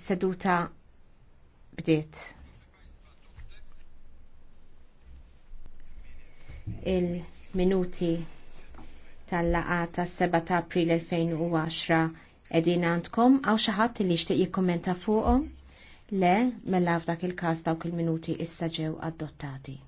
Seduta bdiet. Il-minuti tal-laqa tas-7 ta' April 2010 edin għandkom għaw xaħat li xteq jikkommenta fuqhom? Le, mela f'dak il-każ dawk il-minuti issa ġew adottati.